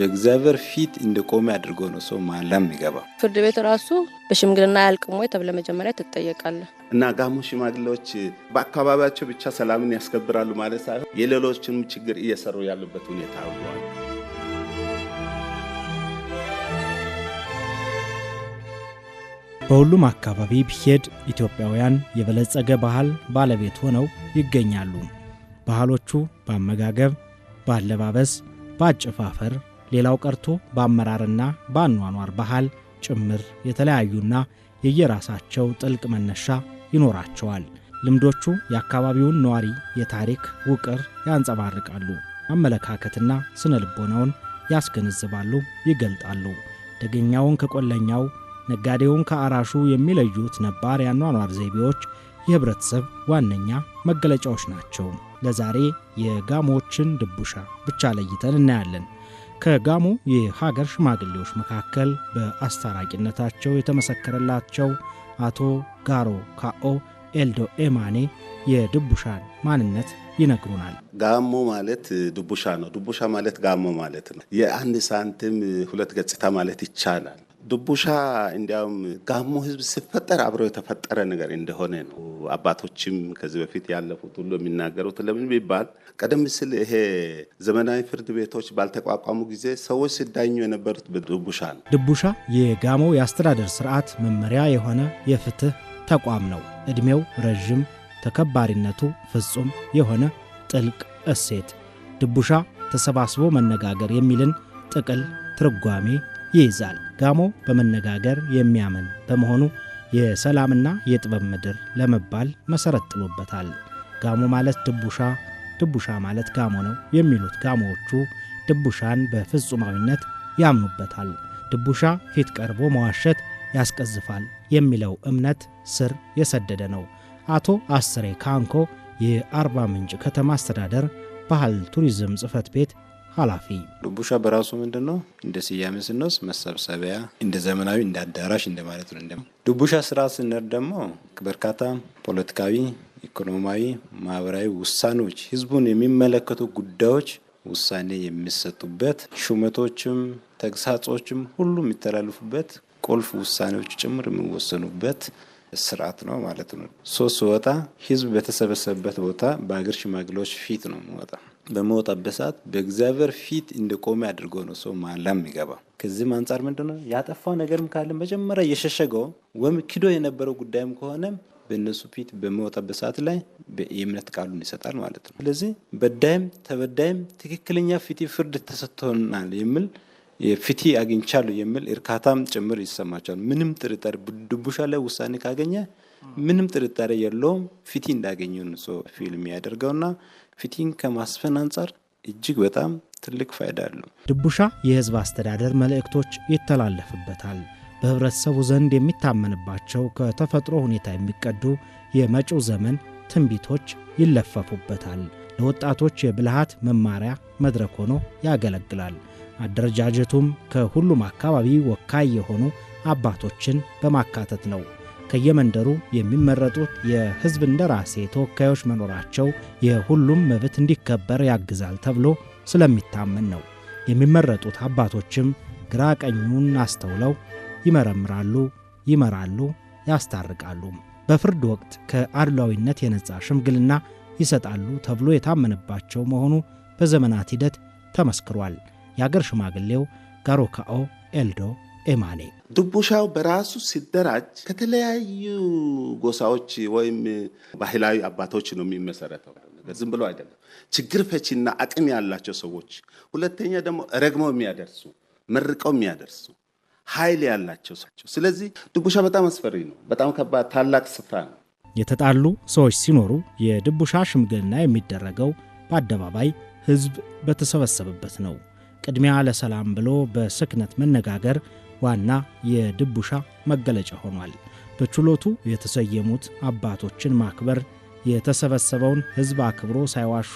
በእግዚአብሔር ፊት እንደቆመ አድርጎ ነው ሰው ማላም የሚገባው። ፍርድ ቤት ራሱ በሽምግልና ያልቅሞ ወይ ተብለ መጀመሪያ ትጠየቃለ። እና ጋሞ ሽማግሌዎች በአካባቢያቸው ብቻ ሰላምን ያስከብራሉ ማለት ሳይሆን የሌሎችንም ችግር እየሰሩ ያሉበት ሁኔታ አውሏል። በሁሉም አካባቢ ብሄድ ኢትዮጵያውያን የበለጸገ ባህል ባለቤት ሆነው ይገኛሉ። ባህሎቹ በአመጋገብ፣ በአለባበስ፣ በአጨፋፈር ሌላው ቀርቶ በአመራርና በአኗኗር ባህል ጭምር የተለያዩና የየራሳቸው ጥልቅ መነሻ ይኖራቸዋል። ልምዶቹ የአካባቢውን ነዋሪ የታሪክ ውቅር ያንጸባርቃሉ፣ አመለካከትና ስነ ልቦናውን ያስገነዝባሉ፣ ይገልጣሉ። ደገኛውን ከቆለኛው፣ ነጋዴውን ከአራሹ የሚለዩት ነባር የአኗኗር ዘይቤዎች የህብረተሰብ ዋነኛ መገለጫዎች ናቸው። ለዛሬ የጋሞችን ድቡሻ ብቻ ለይተን እናያለን። ከጋሞ የሀገር ሽማግሌዎች መካከል በአስታራቂነታቸው የተመሰከረላቸው አቶ ጋሮ ካኦ ኤልዶ ኤማኔ የድቡሻን ማንነት ይነግሩናል። ጋሞ ማለት ድቡሻ ነው። ድቡሻ ማለት ጋሞ ማለት ነው። የአንድ ሳንቲም ሁለት ገጽታ ማለት ይቻላል። ድቡሻ እንዲያውም ጋሞ ህዝብ ሲፈጠር አብሮ የተፈጠረ ነገር እንደሆነ ነው አባቶችም ከዚህ በፊት ያለፉት ሁሉ የሚናገሩት። ለምን ቢባል ቀደም ሲል ይሄ ዘመናዊ ፍርድ ቤቶች ባልተቋቋሙ ጊዜ ሰዎች ሲዳኙ የነበሩት ድቡሻ ነው። ድቡሻ የጋሞ የአስተዳደር ስርዓት መመሪያ የሆነ የፍትህ ተቋም ነው። ዕድሜው ረዥም፣ ተከባሪነቱ ፍጹም የሆነ ጥልቅ እሴት ድቡሻ ተሰባስቦ መነጋገር የሚልን ጥቅል ትርጓሜ ይይዛል። ጋሞ በመነጋገር የሚያምን በመሆኑ የሰላምና የጥበብ ምድር ለመባል መሰረት ጥሎበታል። ጋሞ ማለት ድቡሻ፣ ድቡሻ ማለት ጋሞ ነው የሚሉት ጋሞዎቹ ድቡሻን በፍጹማዊነት ያምኑበታል። ድቡሻ ፊት ቀርቦ መዋሸት ያስቀዝፋል የሚለው እምነት ስር የሰደደ ነው። አቶ አስሬ ካንኮ የአርባ ምንጭ ከተማ አስተዳደር ባህል ቱሪዝም ጽሕፈት ቤት ኃላፊ ዱቡሻ በራሱ ምንድን ነው? እንደ ስያሜ ስንወስድ መሰብሰቢያ፣ እንደ ዘመናዊ እንደ አዳራሽ እንደማለት ነው። ዱቡሻ ስራ ስንር ደግሞ በርካታ ፖለቲካዊ፣ ኢኮኖሚያዊ፣ ማህበራዊ ውሳኔዎች ህዝቡን የሚመለከቱ ጉዳዮች ውሳኔ የሚሰጡበት ሹመቶችም ተግሳጾችም ሁሉ የሚተላለፉበት ቁልፍ ውሳኔዎች ጭምር የሚወሰኑበት ስርዓት ነው ማለት ነው። ሶስት ወጣ ህዝብ በተሰበሰበበት ቦታ በሀገር ሽማግሌዎች ፊት ነው ወጣ በመወጣበት ሰዓት በእግዚአብሔር ፊት እንደቆመ አድርጎ ነው ሰው ማላም ይገባው። ከዚህም አንጻር ምንድነው ያጠፋው ነገርም ካለ መጀመሪያ እየሸሸገው ወይም ክዶ የነበረው ጉዳይም ከሆነ በእነሱ ፊት በመወጣበት ሰዓት ላይ የእምነት ቃሉን ይሰጣል ማለት ነው። ስለዚህ በዳይም ተበዳይም ትክክለኛ ፍቲ ፍርድ ተሰጥቶናል የሚል ፍትህ አግኝቻለሁ የሚል እርካታም ጭምር ይሰማቸዋል። ምንም ጥርጠር ድቡሻ ላይ ውሳኔ ካገኘ ምንም ጥርጣሬ የለውም ፊቲ እንዳገኘ ንጹ ፊልም ያደርገውና ፊቲን ከማስፈን አንጻር እጅግ በጣም ትልቅ ፋይዳ አለው። ድቡሻ የህዝብ አስተዳደር መልእክቶች ይተላለፍበታል። በህብረተሰቡ ዘንድ የሚታመንባቸው ከተፈጥሮ ሁኔታ የሚቀዱ የመጪው ዘመን ትንቢቶች ይለፈፉበታል። ለወጣቶች የብልሃት መማሪያ መድረክ ሆኖ ያገለግላል። አደረጃጀቱም ከሁሉም አካባቢ ወካይ የሆኑ አባቶችን በማካተት ነው። ከየመንደሩ የሚመረጡት የህዝብ እንደራሴ ተወካዮች መኖራቸው የሁሉም መብት እንዲከበር ያግዛል ተብሎ ስለሚታመን ነው። የሚመረጡት አባቶችም ግራ ቀኙን አስተውለው ይመረምራሉ፣ ይመራሉ፣ ያስታርቃሉ። በፍርድ ወቅት ከአድሏዊነት የነጻ ሽምግልና ይሰጣሉ ተብሎ የታመነባቸው መሆኑ በዘመናት ሂደት ተመስክሯል። የአገር ሽማግሌው ጋሮካኦ ኤልዶ ኤማኔ ድቡሻው በራሱ ሲደራጅ ከተለያዩ ጎሳዎች ወይም ባህላዊ አባቶች ነው የሚመሰረተው። ዝም ብሎ አይደለም። ችግር ፈቺና አቅም ያላቸው ሰዎች፣ ሁለተኛ ደግሞ ረግመው የሚያደርሱ መርቀው የሚያደርሱ ኃይል ያላቸው ሰቸው። ስለዚህ ድቡሻ በጣም አስፈሪ ነው። በጣም ከባድ ታላቅ ስፍራ ነው። የተጣሉ ሰዎች ሲኖሩ የድቡሻ ሽምግልና የሚደረገው በአደባባይ ህዝብ በተሰበሰበበት ነው። ቅድሚያ ለሰላም ብሎ በስክነት መነጋገር ዋና የድቡሻ መገለጫ ሆኗል። በችሎቱ የተሰየሙት አባቶችን ማክበር፣ የተሰበሰበውን ሕዝብ አክብሮ ሳይዋሹ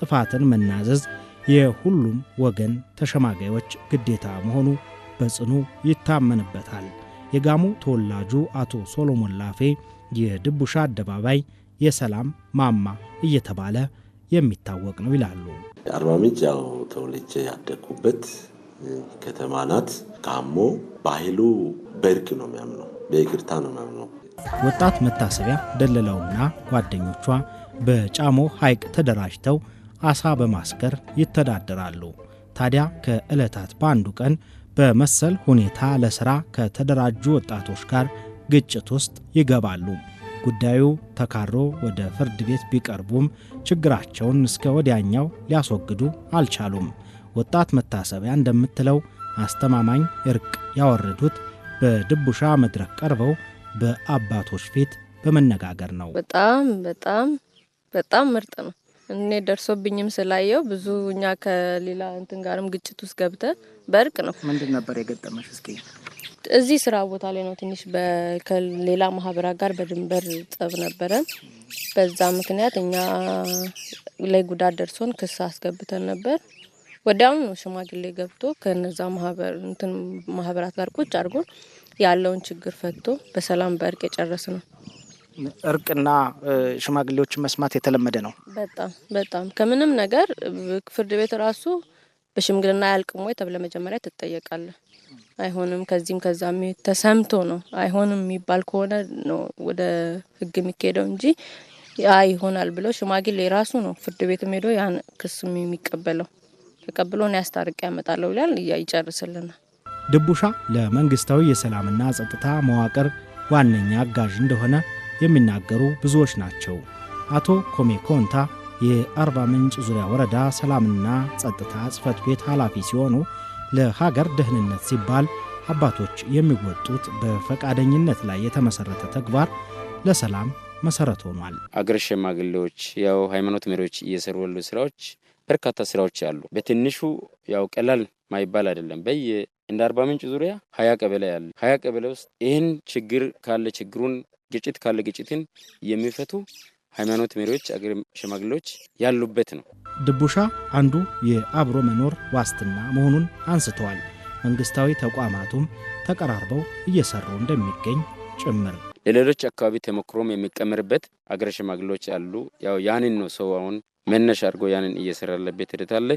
ጥፋትን መናዘዝ የሁሉም ወገን ተሸማጋዮች ግዴታ መሆኑ በጽኑ ይታመንበታል። የጋሞ ተወላጁ አቶ ሶሎሞን ላፌ የድቡሻ አደባባይ የሰላም ማማ እየተባለ የሚታወቅ ነው ይላሉ። አርባ ምንጭ ያው ተወልጄ ያደግኩበት ከተማ ናት። ካሞ ባህሉ በእርቅ ነው የሚያምነው፣ በይቅርታ ነው የሚያምነው። ወጣት መታሰቢያ ደለለውና ጓደኞቿ በጫሞ ሐይቅ ተደራጅተው አሳ በማስገር ይተዳደራሉ። ታዲያ ከዕለታት በአንዱ ቀን በመሰል ሁኔታ ለሥራ ከተደራጁ ወጣቶች ጋር ግጭት ውስጥ ይገባሉ። ጉዳዩ ተካሮ ወደ ፍርድ ቤት ቢቀርቡም ችግራቸውን እስከ ወዲያኛው ሊያስወግዱ አልቻሉም። ወጣት መታሰቢያ እንደምትለው አስተማማኝ እርቅ ያወረዱት በድቡሻ መድረክ ቀርበው በአባቶች ፊት በመነጋገር ነው። በጣም በጣም በጣም ምርጥ ነው። እኔ ደርሶብኝም ስላየው ብዙ እኛ ከሌላ እንትን ጋርም ግጭት ውስጥ ገብተ በእርቅ ነው። ምንድን ነበር የገጠመሽ? እስኪ እዚህ ስራ ቦታ ላይ ነው ትንሽ ከሌላ ማህበራት ጋር በድንበር ጠብ ነበረ። በዛ ምክንያት እኛ ላይ ጉዳት ደርሶን ክስ አስገብተን ነበር ወዲያውኑ ሽማግሌ ገብቶ ከነዛ ማህበር እንትን ማህበራት ጋር ቁጭ አድርጎ ያለውን ችግር ፈቶ በሰላም በእርቅ የጨረስ ነው። እርቅና ሽማግሌዎችን መስማት የተለመደ ነው። በጣም በጣም ከምንም ነገር ፍርድ ቤት ራሱ በሽምግልና ያልቅም ወይ ተብለ መጀመሪያ ትጠየቃለ። አይሆንም ከዚህም ከዛም ተሰምቶ ነው አይሆንም የሚባል ከሆነ ነው ወደ ህግ የሚካሄደው እንጂ ያ ይሆናል ብለው ሽማግሌ ራሱ ነው ፍርድ ቤትም ሄዶ ያን ክስም የሚቀበለው። ተቀብሎን ያስታርቅ ያመጣለሁ ይላል። እያ ይጨርስልናል። ድቡሻ ለመንግስታዊ የሰላምና ጸጥታ መዋቅር ዋነኛ አጋዥ እንደሆነ የሚናገሩ ብዙዎች ናቸው። አቶ ኮሜ ኮንታ የአርባ ምንጭ ዙሪያ ወረዳ ሰላምና ጸጥታ ጽህፈት ቤት ኃላፊ ሲሆኑ ለሀገር ደህንነት ሲባል አባቶች የሚወጡት በፈቃደኝነት ላይ የተመሰረተ ተግባር ለሰላም መሰረት ሆኗል። አገር ሽማግሌዎች፣ ያው ሃይማኖት መሪዎች እየሰሩ ያሉ ስራዎች በርካታ ስራዎች አሉ። በትንሹ ያው ቀላል ማይባል አይደለም። በየ እንደ አርባ ምንጭ ዙሪያ ሀያ ቀበሌ ያለ ሀያ ቀበሌ ውስጥ ይህን ችግር ካለ ችግሩን፣ ግጭት ካለ ግጭትን የሚፈቱ ሃይማኖት መሪዎች፣ አገር ሽማግሌዎች ያሉበት ነው። ድቡሻ አንዱ የአብሮ መኖር ዋስትና መሆኑን አንስተዋል። መንግስታዊ ተቋማቱም ተቀራርበው እየሰሩ እንደሚገኝ ጭምር ለሌሎች አካባቢ ተሞክሮም የሚቀመርበት አገረ ሽማግሌዎች አሉ። ያው ያንን ነው ሰው አሁን መነሻ አድርጎ ያንን እየሰራ ያለበት ሂደት አለ።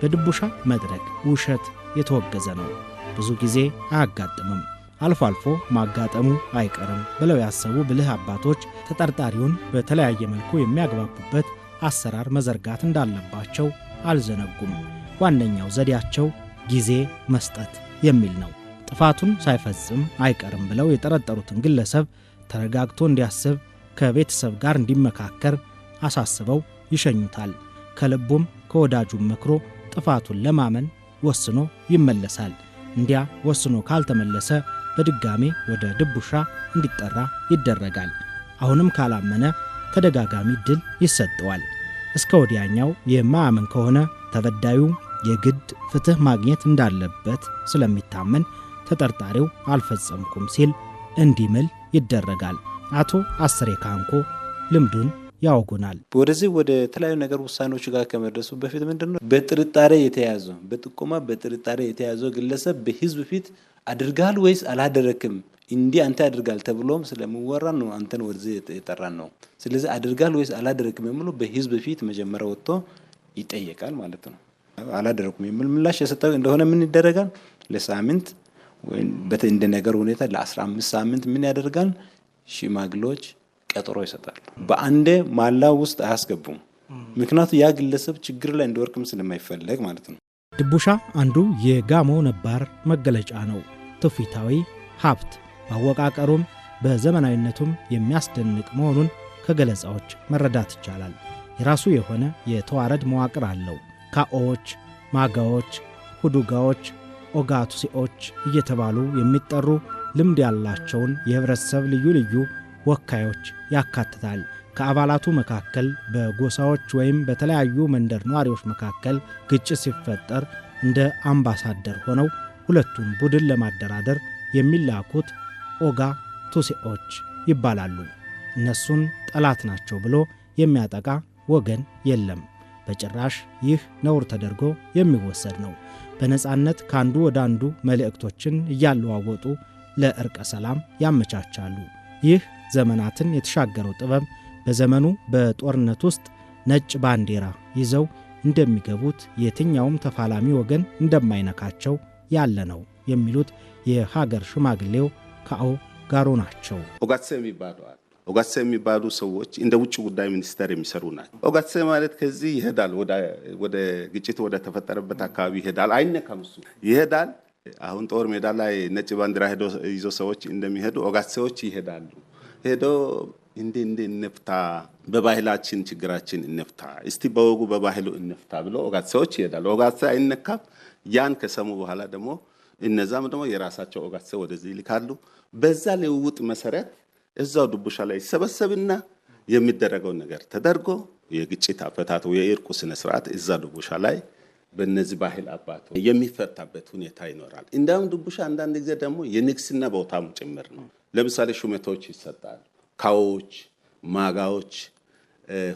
በድቡሻ መድረክ ውሸት የተወገዘ ነው፣ ብዙ ጊዜ አያጋጥምም። አልፎ አልፎ ማጋጠሙ አይቀርም ብለው ያሰቡ ብልህ አባቶች ተጠርጣሪውን በተለያየ መልኩ የሚያግባቡበት አሰራር መዘርጋት እንዳለባቸው አልዘነጉም። ዋነኛው ዘዴያቸው ጊዜ መስጠት የሚል ነው። ጥፋቱን ሳይፈጽም አይቀርም ብለው የጠረጠሩትን ግለሰብ ተረጋግቶ እንዲያስብ ከቤተሰብ ጋር እንዲመካከር አሳስበው ይሸኙታል። ከልቡም ከወዳጁም መክሮ ጥፋቱን ለማመን ወስኖ ይመለሳል። እንዲያ ወስኖ ካልተመለሰ በድጋሜ ወደ ድቡሻ እንዲጠራ ይደረጋል። አሁንም ካላመነ ተደጋጋሚ ድል ይሰጠዋል። እስከ ወዲያኛው የማያምን ከሆነ ተበዳዩ የግድ ፍትሕ ማግኘት እንዳለበት ስለሚታመን ተጠርጣሪው አልፈጸምኩም ሲል እንዲምል ይደረጋል። አቶ አስሬ ካንኮ ልምዱን ያወጉናል። ወደዚህ ወደ ተለያዩ ነገር ውሳኔዎች ጋር ከመድረሱ በፊት ምንድን ነው በጥርጣሬ የተያዘ በጥቆማ በጥርጣሬ የተያዘ ግለሰብ በህዝብ ፊት አድርጋል ወይስ አላደረክም እንዲህ አንተ አድርጋል ተብሎም ስለሚወራ ነው አንተን ወደዚህ የጠራን ነው። ስለዚህ አድርጋል ወይስ አላደረክም የሚሉ በህዝብ ፊት መጀመሪያ ወጥቶ ይጠየቃል ማለት ነው። አላደረኩም የሚል ምላሽ የሰጠው እንደሆነ ምን ይደረጋል? ለሳምንት ወይም እንደ ነገር ሁኔታ ለ15 ሳምንት ምን ያደርጋል? ሽማግሌዎች ቀጠሮ ይሰጣሉ። በአንዴ ማላ ውስጥ አያስገቡም። ምክንያቱ ያ ግለሰብ ችግር ላይ እንዲወርቅም ስለማይፈለግ ማለት ነው። ድቡሻ አንዱ የጋሞ ነባር መገለጫ ነው። ትውፊታዊ ሀብት ማወቃቀሩም በዘመናዊነቱም የሚያስደንቅ መሆኑን ከገለጻዎች መረዳት ይቻላል። የራሱ የሆነ የተዋረድ መዋቅር አለው። ካኦዎች፣ ማጋዎች፣ ሁዱጋዎች ኦጋቱሲዎች እየተባሉ የሚጠሩ ልምድ ያላቸውን የህብረተሰብ ልዩ ልዩ ወካዮች ያካትታል። ከአባላቱ መካከል በጎሳዎች ወይም በተለያዩ መንደር ነዋሪዎች መካከል ግጭት ሲፈጠር እንደ አምባሳደር ሆነው ሁለቱን ቡድን ለማደራደር የሚላኩት ኦጋ ቱሴዎች ይባላሉ። እነሱን ጠላት ናቸው ብሎ የሚያጠቃ ወገን የለም። በጭራሽ ይህ ነውር ተደርጎ የሚወሰድ ነው። በነፃነት ከአንዱ ወደ አንዱ መልእክቶችን እያለዋወጡ ለእርቀ ሰላም ያመቻቻሉ። ይህ ዘመናትን የተሻገረው ጥበብ በዘመኑ በጦርነት ውስጥ ነጭ ባንዲራ ይዘው እንደሚገቡት የትኛውም ተፋላሚ ወገን እንደማይነካቸው ያለ ነው የሚሉት የሀገር ሽማግሌው ካኦ ጋሮ ናቸው። ኦጋሴ የሚባለዋል ኦጋሴ የሚባሉ ሰዎች እንደ ውጭ ጉዳይ ሚኒስቴር የሚሰሩ ናቸው። ኦጋሴ ማለት ከዚህ ይሄዳል፣ ወደ ግጭት ወደ ተፈጠረበት አካባቢ ይሄዳል። አይነካም፣ እሱ ይሄዳል። አሁን ጦር ሜዳ ላይ ነጭ ባንዲራ ሄዶ ይዞ ሰዎች እንደሚሄዱ ኦጋሴዎች ይሄዳሉ። ሄዶ እንዴ እንዴ እንፍታ፣ በባህላችን ችግራችን እንፍታ፣ እስቲ በወጉ በባህሉ እንፍታ ብሎ ኦጋሴዎች ይሄዳሉ። ኦጋሴ አይነካም። ያን ከሰሙ በኋላ ደግሞ እነዛም ደግሞ የራሳቸው ኦጋሴ ወደዚህ ይልካሉ። በዛ ልውውጥ መሰረት እዛው ዱቡሻ ላይ ይሰበሰብና የሚደረገው ነገር ተደርጎ የግጭት አፈታት የእርቁ ስነስርዓት እዛ ዱቡሻ ላይ በነዚህ ባህል አባቶ የሚፈታበት ሁኔታ ይኖራል። እንዲሁም ዱቡሻ አንዳንድ ጊዜ ደግሞ የንግስና ቦታም ጭምር ነው። ለምሳሌ ሹመቶች ይሰጣሉ። ካዎች፣ ማጋዎች፣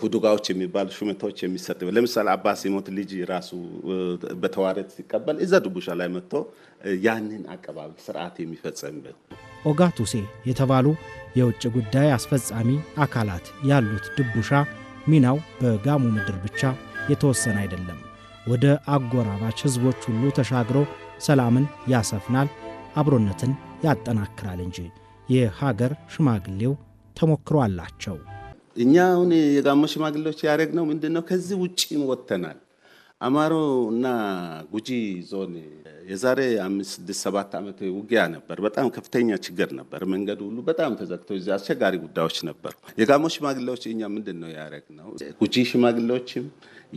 ሁዱጋዎች የሚባሉ ሹመቶች የሚሰጥ ለምሳሌ አባ ሲሞት ልጅ ራሱ በተዋረት ሲቀበል እዛ ዱቡሻ ላይ መጥቶ ያንን አቀባበል ስርዓት የሚፈጸምበት ኦጋቱሴ የተባሉ የውጭ ጉዳይ አስፈጻሚ አካላት ያሉት ድቡሻ ሚናው በጋሞ ምድር ብቻ የተወሰነ አይደለም። ወደ አጎራባች ሕዝቦች ሁሉ ተሻግሮ ሰላምን ያሰፍናል፣ አብሮነትን ያጠናክራል እንጂ የሀገር ሽማግሌው ተሞክሮ አላቸው። እኛ አሁን የጋሞ ሽማግሌዎች ያደረግነው ምንድን ነው? ከዚህ ውጭ ወጥተናል። አማሮ እና ጉጂ ዞን የዛሬ አምስት ስድስት ሰባት ዓመት ውጊያ ነበር። በጣም ከፍተኛ ችግር ነበር። መንገዱ ሁሉ በጣም ተዘግቶ እዚህ አስቸጋሪ ጉዳዮች ነበሩ። የጋሞ ሽማግሌዎች እኛ ምንድን ነው ያደረግነው? ጉጂ ሽማግሌዎችም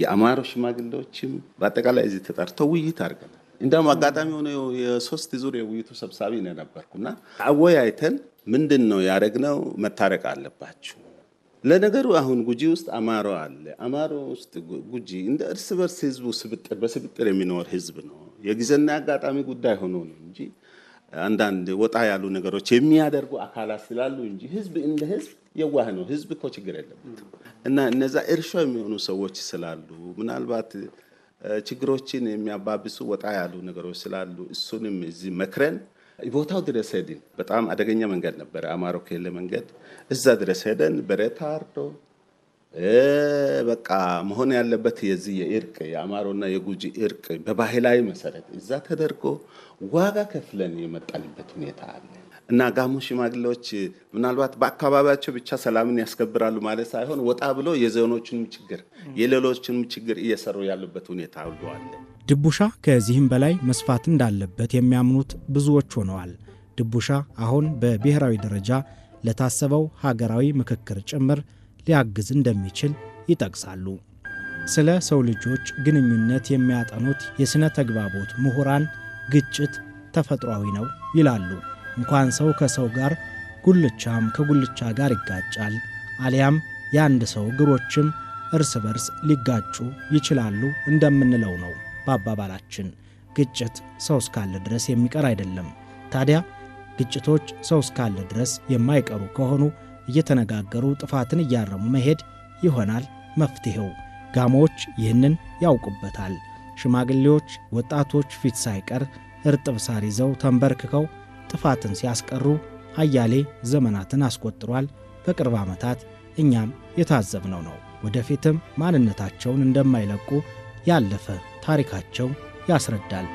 የአማሮ ሽማግሌዎችም በአጠቃላይ እዚህ ተጠርተው ውይይት አድርገናል። እንደውም አጋጣሚ ሆነ የሶስት ዙር የውይይቱ ሰብሳቢ ነው ነበርኩና አወያይተን ምንድን ነው ያደረግነው? መታረቅ አለባችሁ ለነገሩ አሁን ጉጂ ውስጥ አማሮ አለ። አማሮ ውስጥ ጉጂ እንደ እርስ በርስ ህዝቡ ስብጥር በስብጥር የሚኖር ህዝብ ነው። የጊዜና አጋጣሚ ጉዳይ ሆኖ ነው እንጂ አንዳንድ ወጣ ያሉ ነገሮች የሚያደርጉ አካላት ስላሉ እንጂ ህዝብ እንደ ህዝብ የዋህ ነው። ህዝብ እኮ ችግር የለበት እና እነዛ እርሾ የሚሆኑ ሰዎች ስላሉ ምናልባት ችግሮችን የሚያባብሱ ወጣ ያሉ ነገሮች ስላሉ እሱንም እዚህ መክረን ቦታው ድረስ ሄድን። በጣም አደገኛ መንገድ ነበረ፣ አማሮ ኬሌ መንገድ። እዛ ድረስ ሄደን በሬታ አርዶ በቃ መሆን ያለበት የዚህ የእርቅ የአማሮና የጉጂ እርቅ በባህላዊ መሰረት እዛ ተደርጎ ዋጋ ከፍለን የመጣንበት ሁኔታ አለ። እና ጋሞ ሽማግሌዎች ምናልባት በአካባቢያቸው ብቻ ሰላምን ያስከብራሉ ማለት ሳይሆን ወጣ ብሎ የዘኖችን ችግር የሌሎችንም ችግር እየሰሩ ያሉበት ሁኔታ ሁሉ አለ። ድቡሻ ከዚህም በላይ መስፋት እንዳለበት የሚያምኑት ብዙዎች ሆነዋል። ድቡሻ አሁን በብሔራዊ ደረጃ ለታሰበው ሀገራዊ ምክክር ጭምር ሊያግዝ እንደሚችል ይጠቅሳሉ። ስለ ሰው ልጆች ግንኙነት የሚያጠኑት የሥነ ተግባቦት ምሁራን ግጭት ተፈጥሯዊ ነው ይላሉ። እንኳን ሰው ከሰው ጋር ጉልቻም ከጉልቻ ጋር ይጋጫል። አሊያም የአንድ ሰው እግሮችም እርስ በርስ ሊጋጩ ይችላሉ እንደምንለው ነው በአባባላችን። ግጭት ሰው እስካለ ድረስ የሚቀር አይደለም። ታዲያ ግጭቶች ሰው እስካለ ድረስ የማይቀሩ ከሆኑ እየተነጋገሩ ጥፋትን እያረሙ መሄድ ይሆናል መፍትሄው። ጋሞዎች ይህንን ያውቁበታል። ሽማግሌዎች፣ ወጣቶች ፊት ሳይቀር እርጥብ ሳር ይዘው ተንበርክከው ጥፋትን ሲያስቀሩ አያሌ ዘመናትን አስቆጥሯል። በቅርብ ዓመታት እኛም የታዘብነው ነው። ወደፊትም ማንነታቸውን እንደማይለቁ ያለፈ ታሪካቸው ያስረዳል።